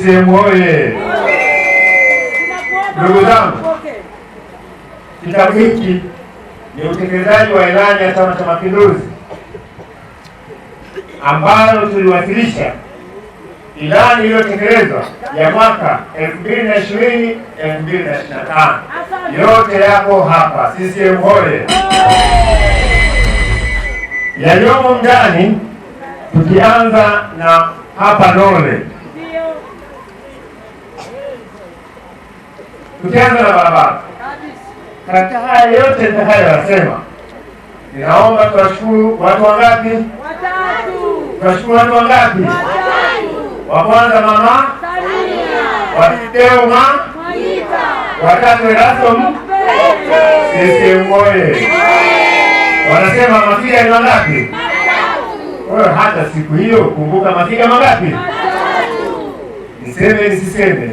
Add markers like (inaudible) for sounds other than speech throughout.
CCM oye! Ndugu zangu, kitabu hiki ni utekelezaji wa ilani ya Chama cha Mapinduzi ambayo tuliwasilisha ilani iliyotekelezwa ya mwaka 2020 2025 yote yako hapa. CCM oye! Yaliyomo ndani, tukianza na hapa Nole Tukianza na barabara, katika haya yote nitakayoyasema, ninaomba tuwashukuru watu wangapi? Watatu. Tuwashukuru watu wangapi? Watatu. Wa kwanza mama Samia, wa Deo ma Mwita, watatu Erasto CCM oye! Wanasema mafiga ni mangapi? Wewe hata siku hiyo kumbuka mafiga mangapi? Niseme nisiseme,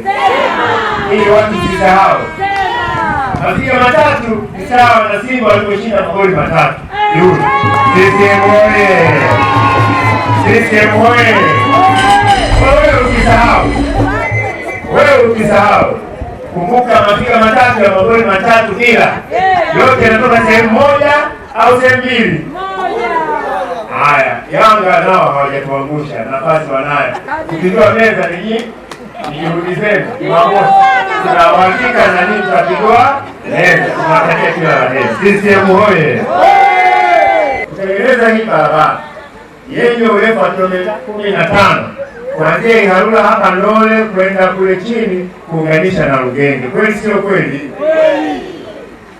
ili watu sisahau. Mapiga matatu ni sawa na Simba waliposhinda magoli matatu. CCM oye! CCM oye! Wewe ukisahau, wewe ukisahau, kumbuka mapiga matatu ya magoli matatu, bila yote yanatoka sehemu moja au sehemu mbili. Haya, Yanga nao hawajatuangusha, nafasi wanayo. Ukijua meza ni ni juhudi zenu. Jumamosi tunawaalika na nyinyi mtapigwa leo, tunawatakia kila la heri. CCM hoye! Kutengeneza hii barabara yenye urefu wa kilomita kumi na tano kuanzia Iharula hapa Ndole kwenda kule chini kuunganisha na Lugenge, kweli sio kweli?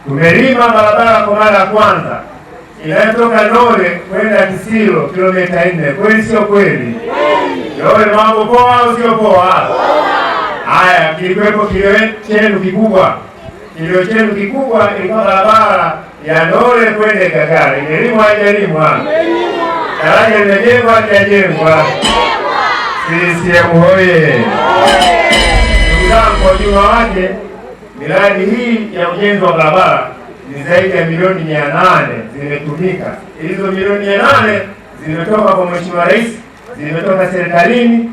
Tumelima barabara kwa mara ya kwanza inayotoka Ndole kwenda Kisilo kilomita nne, kweli sio kweli? Yole mambo poa au sio poa? Haya, kilikuwepo kilio chenu kikubwa, kilio chenu kikubwa ilikuwa barabara ya Ndole kwenda Ikakara, imelimwa haijalimwa? Daraja limejengwa halijajengwa? CCM hoye! Ndugu zangu, kwa ujumla wake miradi hii ya ujenzi wa barabara ni zaidi ya milioni mia nane zimetumika. Hizo milioni mia nane zimetoka kwa Mheshimiwa Rais zimetoka serikalini,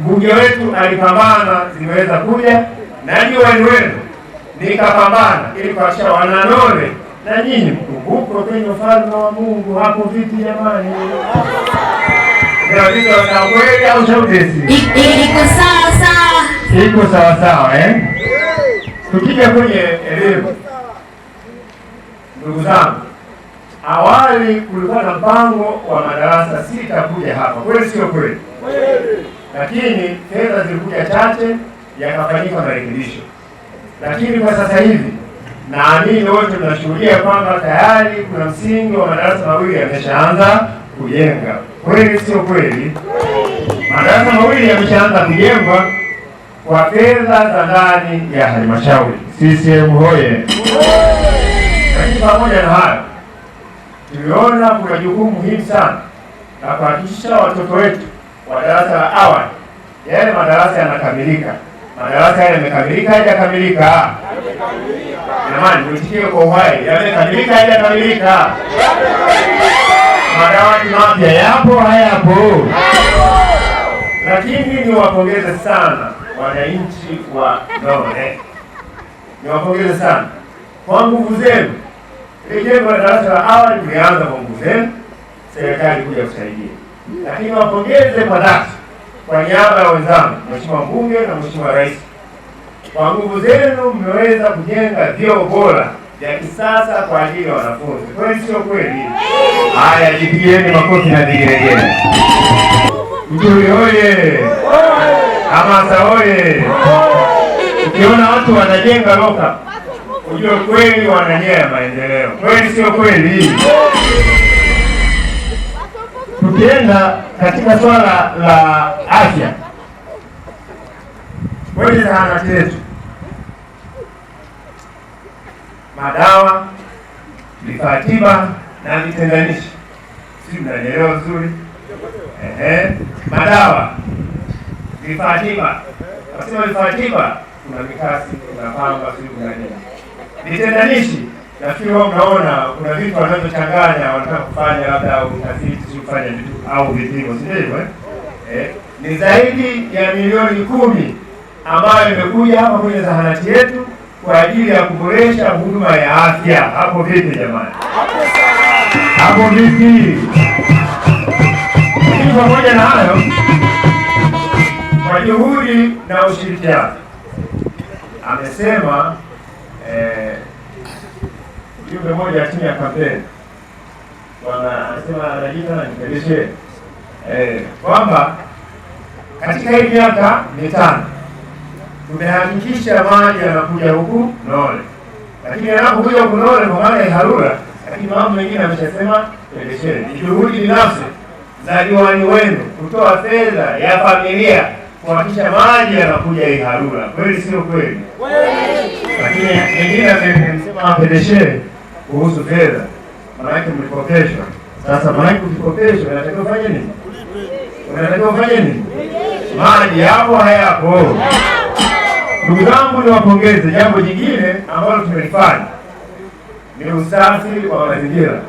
mbunge wetu alipambana, zimeweza kuja na ndio wenu wenu, nikapambana ili kuhakikisha wananore na nyinyi mkumbuko kwenye ufalme wa Mungu. Hapo vipi jamani? Kweli au iko sawa sawa? Iko sawa sawa eh? Tukija kwenye elimu, ndugu zangu Awali kulikuwa na mpango wa madarasa sita kuja hapa, kweli sio kweli? Lakini fedha zilikuja chache, yakafanyika marekebisho. Lakini kwa sasa hivi naamini wote tunashuhudia kwamba tayari kuna msingi wa madarasa mawili yameshaanza kujenga, kweli sio kweli? Madarasa mawili yameshaanza kujengwa kwa fedha za ndani ya halmashauri. CCM hoye! Lakini pamoja na hayo tuliona kuna jukumu muhimu sana na kuhakikisha watoto wetu wa darasa la awali yale madarasa yanakamilika. Madarasa yale yamekamilika, hayajakamilika? Jamani, kwa uhai, yamekamilika, hayajakamilika? Madawati mapya yapo, hayapo? Lakini niwapongeze sana wananchi wa Nole, niwapongeze sana kwa nguvu zenu jengo la darasa la awali mlianza kwa nguvu zenu, serikali kuja kusaidia, lakini wapongeze kwa dhati kwa niaba ya wenzangu, mheshimiwa mbunge na mheshimiwa rais, kwa nguvu zenu mmeweza kujenga vyoo bora vya kisasa kwa ajili ya wanafunzi. Kweli sio kweli? Haya, jipigieni makofi na vigelegele. Mjuri oye! Hamasa oye! Ukiona watu wanajenga loka ujue kweli wana nia ya maendeleo, kweli sio kweli? Tukienda katika swala la afya, kwenye zahanati yetu madawa, vifaa tiba na vitendanishi, si mnanielewa vizuri? Ehe, madawa, vifaa tiba, nasema vifaa tiba, kuna mikasi, kuna pamba, si kuna nini Vitendanishi nafikiri wao mnaona kuna vitu wanavyochanganya, wanataka kufanya labda utafiti, si kufanya vitu au vipimo, si ndivyo eh? Eh, ni zaidi ya milioni kumi ambayo imekuja hapa kwenye zahanati yetu kwa ajili ya kuboresha huduma ya afya. Hapo vipi jamani? Hapo vipi? Lakini pamoja na hayo, kwa juhudi na ushirikiano, amesema jumbe eh, moja ya timu ya kampeni bwana anasema anajita na nipeleshe eh, kwamba katika hii miaka mitano tumehakikisha maji yanakuja huku Nole, lakini yanapokuja huku Nole kwa maana ya Harura, lakini mambo mengine ameshasema Pelesheni. Ni juhudi binafsi za diwani wenu kutoa fedha ya familia kuhakikisha maji yanakuja Iharura, kweli sio kweli? lakini mengine amesema pedeshe kuhusu fedha, manake mlikopeshwa. Sasa maanake ukikopeshwa, unatakiwa ufanye nini? Unatakiwa ufanye nini? maji yapo hayapo? Ndugu zangu, niwapongeze. Jambo jingine ambalo tumelifanya ni usafi wa mazingira,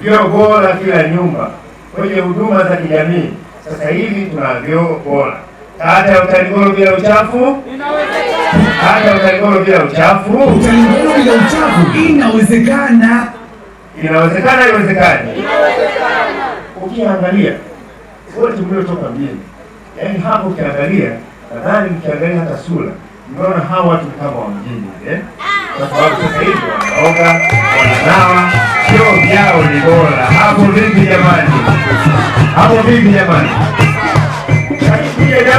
vyoo bora kila nyumba kwenye huduma za kijamii. Sasa hivi tuna vyoo bora, kata ya Utalingolo bila uchafu hata utainua pia uchafu, utainua bila uchafu. Inawezekana, inawezekana, inawezekana. Ukiangalia wote mliotoka mjini, yaani hapo ukiangalia, nadhani mkiangalia hata sura mnaona hawa watu kama wa mjini eh, kwa sababu sasa hivi wanaoga, wananawa, choo vyao ni bora. Hapo vipi jamani? Hapo vipi jamani?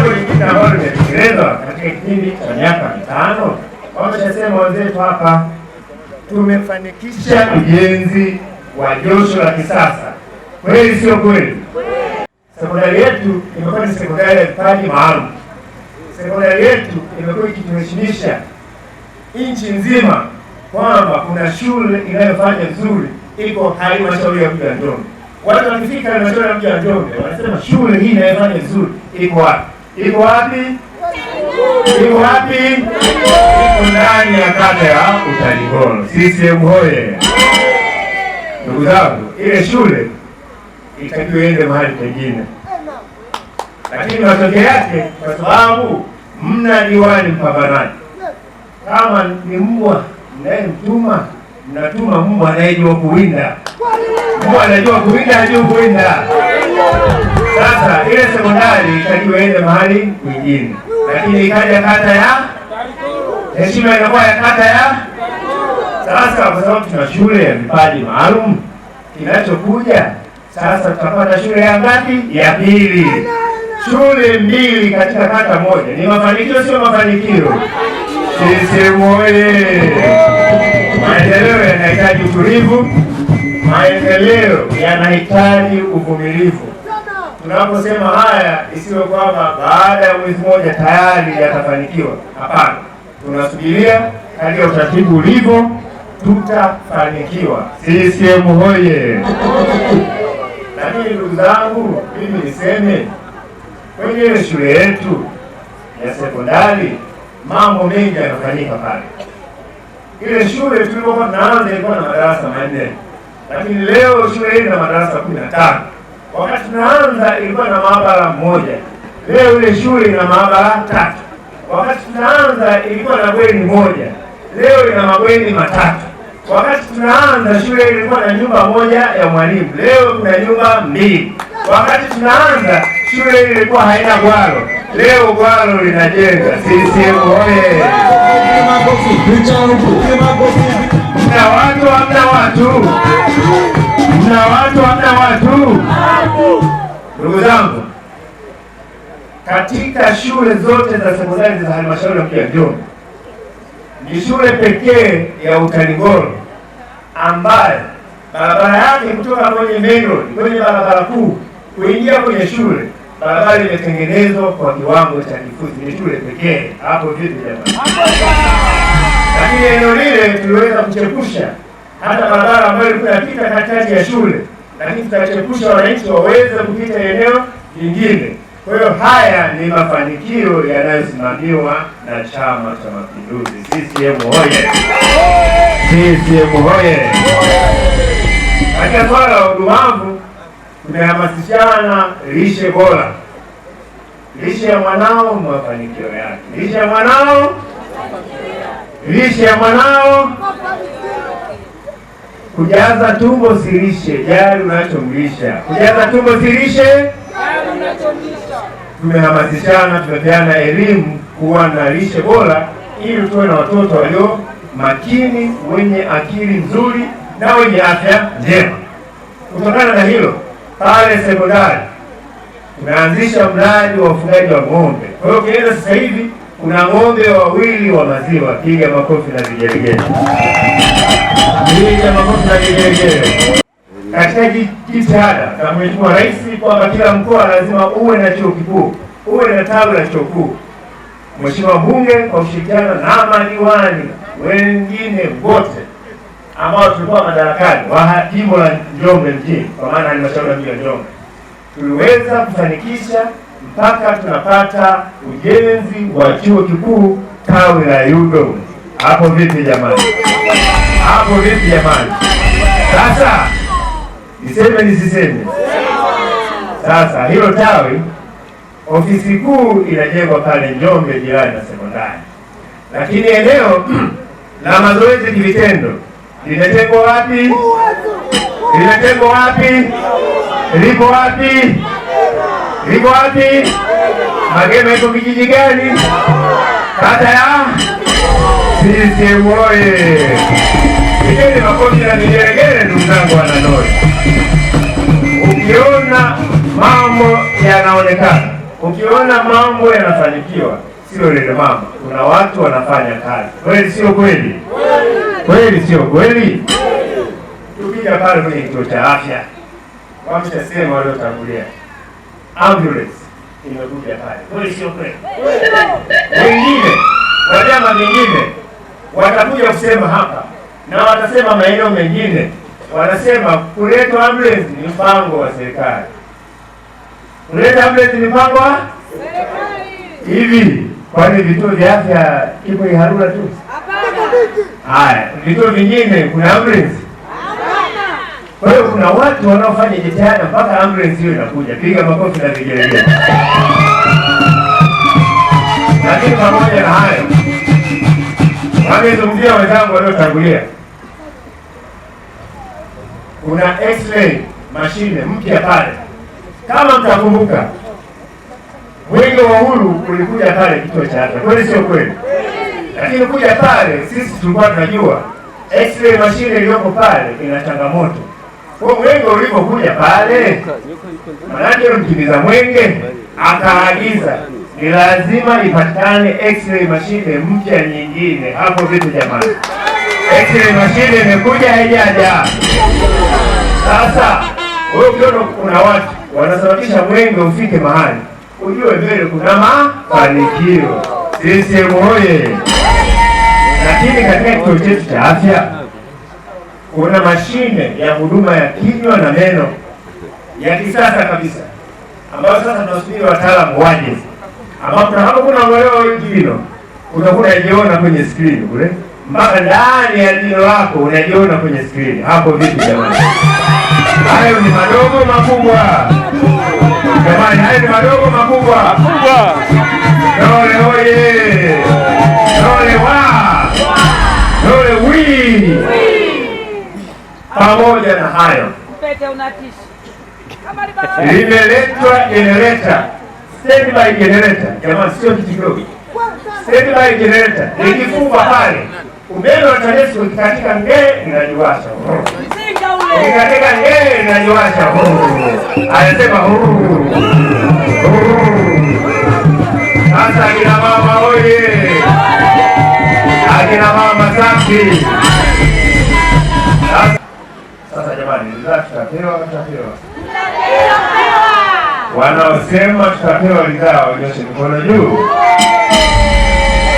jambo lingine ambalo limetekelezwa katika kipindi cha miaka mitano, wameshasema wenzetu hapa, tumefanikisha ujenzi wa josho la kisasa. Kweli sio kweli? Sekondari yetu imekuwa ni sekondari ya vipaji maalum. Sekondari yetu imekuwa ikituheshimisha nchi nzima kwamba kuna shule inayofanya vizuri iko halmashauri ya mji wa Njombe. Watu wakifika halmashauri ya mji wa Njombe wanasema shule hii inayofanya vizuri iko wapi? iko wapi? Iko wapi? Iko ndani ya kata ya Utalingolo. CCM hoye! Ndugu zangu, ile shule itakiwa iende mahali pengine, lakini matokeo yake, kwa sababu mna diwani mpambanaji, kama ni mbwa mnayemtuma, mnatuma mbwa anayejua kuwinda. Mbwa anajua kuwinda, hajui kuwinda. Sasa ile sekondari itakiwa iende mahali kwingine, lakini ikaja kata ya heshima, inakuwa ya kata ya sasa, kwa sababu tuna shule ya vipaji maalum. Kinachokuja sasa, tutapata shule ya ngapi? Ya pili. Shule mbili katika kata moja ni mafanikio, sio mafanikio? Sisi oye! Maendeleo yanahitaji utulivu, maendeleo yanahitaji uvumilivu tunaposema haya isiwe kwamba baada ya mwezi mmoja tayari yatafanikiwa. Hapana, tunasubiria hali ya utaratibu ulivyo, tutafanikiwa. CCM hoye! lakini ndugu zangu, mimi niseme kwenye ile shule yetu ya sekondari mambo mengi yanafanyika pale. Ile shule tulikuwa tunaanza ilikuwa na madarasa manne, lakini leo shule hii ina madarasa kumi na tano. Wakati tunaanza ilikuwa na maabara moja, leo ile shule ina maabara tatu. Wakati tunaanza ilikuwa na bweni moja, leo ina mabweni matatu. Wakati tunaanza shule ilikuwa na nyumba moja ya mwalimu, leo kuna nyumba mbili. Wakati tunaanza Shule ile ilikuwa haina gwaro, leo gwaro linajenga. CCM oye! Mna watu hamna watu? Mna watu hamna watu? Ndugu zangu, katika shule zote za sekondari za halmashauri ya mji wa Njombe ni shule pekee ya Utalingolo ambayo barabara yake kutoka kwenye main road kwenye barabara kuu kuingia kwenye shule barabara imetengenezwa kwa kiwango cha kifuzi, ni shule pekee hapo. Vipi jamani? Lakini eneo lile tuliweza kuchepusha hata barabara ambayo ilikuwa inapita katikati ya shule, lakini tutachepusha wananchi waweze kupita eneo lingine. Kwa hiyo haya ni mafanikio yanayosimamiwa na Chama cha Mapinduzi, CCM hoye! CCM hoye! Katika swala la udumavu tumehamasishana lishe bora, lishe ya mwanao mafanikio yake, lishe ya mwanao, lishe ya mwanao. Kujaza tumbo silishe, jari jali unachomlisha. Kujaza tumbo si tumehamasishana, tumepeana elimu kuwa na lishe bora, ili tuwe na watoto walio makini, wenye akili nzuri na wenye afya njema. Kutokana na hilo pale sekondari tumeanzisha mradi wa ufugaji wa ng'ombe. Kwa hiyo ukienda sasa hivi kuna ng'ombe wawili wa maziwa. Piga makofi na vigelegele, piga makofi na vigelegele katika jitihada za Mheshimiwa Rais kwamba kila mkoa lazima uwe na chuo kikuu, uwe na tawi la chuo kikuu. Mheshimiwa Bunge kwa ushirikiano na madiwani wengine wote ambao tulikuwa madarakani wa jimbo la Njombe mjini, kwa maana halmashauri ya mji wa Njombe, tuliweza kufanikisha mpaka tunapata ujenzi wa chuo kikuu tawi la Yudo. Hapo vipi jamani? Hapo vipi jamani? Sasa niseme nisiseme? Sasa hilo tawi, ofisi kuu inajengwa pale Njombe jirani na sekondari, lakini eneo (clears throat) la mazoezi kivitendo limetengwa wapi? Limetengwa wapi? Liko wapi? Liko wapi? Magema iko kijiji gani? Kata ya CCM oye! Pigeni makofi na vigelegele, ndugu zangu wanandoa. Ukiona mambo yanaonekana, ukiona mambo yanafanikiwa, sio lile mama, kuna watu wanafanya kazi kweli, sio kweli? Kweli sio kweli? Tukija pale kwenye kituo cha afya, wameshasema waliotangulia, ambulance imekuja pale, kweli sio kweli? Wengine wa vyama vingine watakuja kusema hapa na watasema maeneo mengine, wanasema kuleta ambulance ni mpango wa serikali, kuleta ambulance ni mpango wa hivi. Kwani vituo vya afya kipo Iharura tu? Hapana. Haya, vituo vingine kuna ambulance. Kwa hiyo kuna watu wanaofanya jitihada mpaka ambulance hiyo inakuja. Piga makofi na vigelegele. Lakini pamoja na hayo, wamezungumzia wenzangu waliotangulia, kuna x-ray mashine mpya pale, kama mtakumbuka, mwenge wa uhuru ulikuja pale kituo cha afya, kweli sio kweli? Lakini kuja pale sisi tulikuwa tunajua x-ray mashine iliyoko pale ina changamoto. Kwa mwenge ulivyokuja pale, manake mkimiza mwenge akaagiza ni lazima ipatikane x-ray mashine mpya nyingine. Hapo vitu jamani, x-ray mashine imekuja haijaja. Sasa wewe ukiona kuna watu wanasababisha mwenge ufike mahali, ujue mbele kuna mafanikio. Sisi hoye! Lakini katika kituo chetu cha afya kuna mashine ya huduma ya kinywa na meno ya kisasa kabisa, ambayo sasa tunasubiri wataalamu waje, ambapo hapo kuna uelewa wengi hilo, utakuwa unajiona kwenye skrini kule, mpaka ndani ya jino lako unajiona kwenye skrini. Hapo vipi jamani? Hayo ni madogo makubwa jamani, hayo ni madogo makubwa. Dole oye! wa yule wii. Pamoja na hayo, limeletwa generator, standby generator. Jamani, sio kitu kidogo. Standby generator ikifungwa pale, umeme wa TANESCO ikikatika ngee, inajiwasha ikikatika ngee, inajiwasha anasema sasa, kina mama oye akina mama safi. Sasa jamani, tutapewa Wanaosema tutapewa ridhaa wanyoshe mikono juu.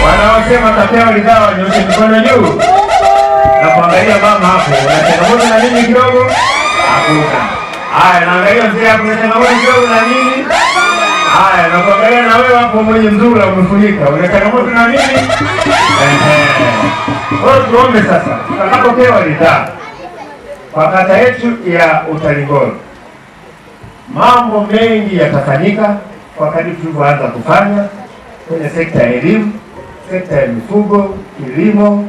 Wanaosema tutapewa ridhaa wanyoshe mikono juu. Na kuangalia mama hapo, una changamoto na nini kidogo? Hakuna. Haya, naangalia mzee hapo, una changamoto kidogo na nini? Haya, na kuangalia na wewe hapo mwenye mzura umefunika. Unaonekana moto na nini? Ehe. Wewe tuombe sasa. Tutakapopewa ridhaa kwa kata yetu ya Utalingolo. Mambo mengi yatafanyika kwa kadri tulivyoanza kufanya kwenye sekta ya elimu, sekta ya mifugo, kilimo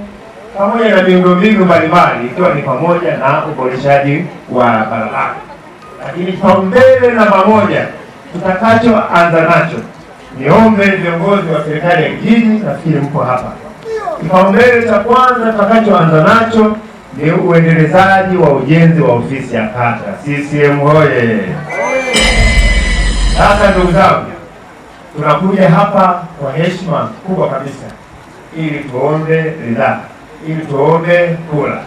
pamoja na miundombinu mbalimbali ikiwa ni pamoja na uboreshaji wa barabara. Lakini kipaumbele namba moja tutakachoanza nacho, niombe viongozi wa serikali ya kijiji, nafikiri mko hapa. Kipaumbele cha kwanza tutakachoanza nacho ni uendelezaji wa ujenzi wa ofisi ya kata. CCM oye Sasa ndugu zangu, tunakuja hapa kwa heshima kubwa kabisa ili tuombe ridhaa, ili tuombe kula.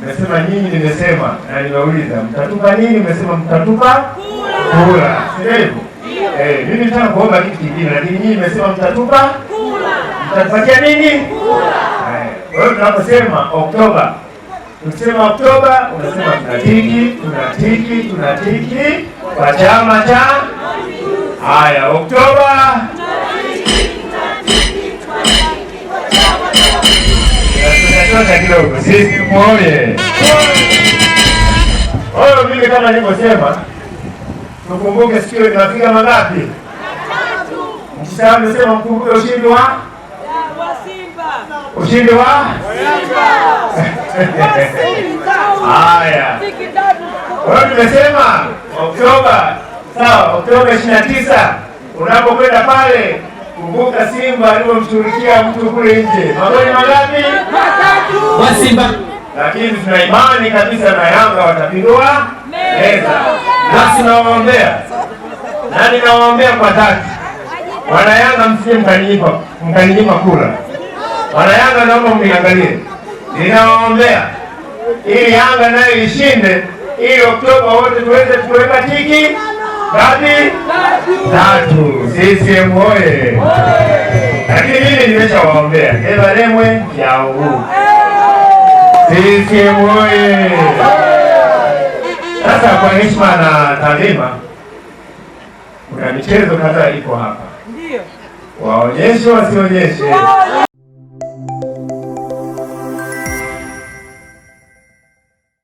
Nimesema nyinyi, nimesema na nimeuliza, mtatupa nini? Nimesema mtatupa kula, si ndivyo? Eh, mimi nataka kuomba kitu kingine lakini nyinyi mmesema mtatupa kula. Mtatupatia nini? Kula. Eh, kwa hiyo tunaposema Oktoba, tukisema Oktoba unasema tunatiki, tunatiki, tunatiki kwa chama cha Haya, Oktoba tunatoka kidogo sisi muone. Kwa mimi kama nilivyosema tukumbuke sikio linafika mangapi? Mkisahau nimesema mkumbuke ushindi wa Simba. Ushindi wa Simba. Kwa Wewe tumesema Oktoba, sawa, Oktoba 29 unapokwenda pale kumbuka Simba alivyomshughulikia mtu kule nje. Magoli mangapi? Matatu. Wa Simba. Lakini tuna imani kabisa na Yanga watapindua meza nasi nawaombea na ninawaombea kwa dhati. Wanayanga, msije mkaninyima kura. Wanayanga, naomba mniangalie, ninawaombea ili Yanga nayo ishinde, ili Oktoba wote tuweze kuweka tiki kati Tatu. CCM oye! Lakini mimi nimeshawaombea Evaremwe yauu. CCM oye! Sasa kwa heshima na taadhima, kuna michezo kadhaa iko hapa, waonyeshe wasionyeshe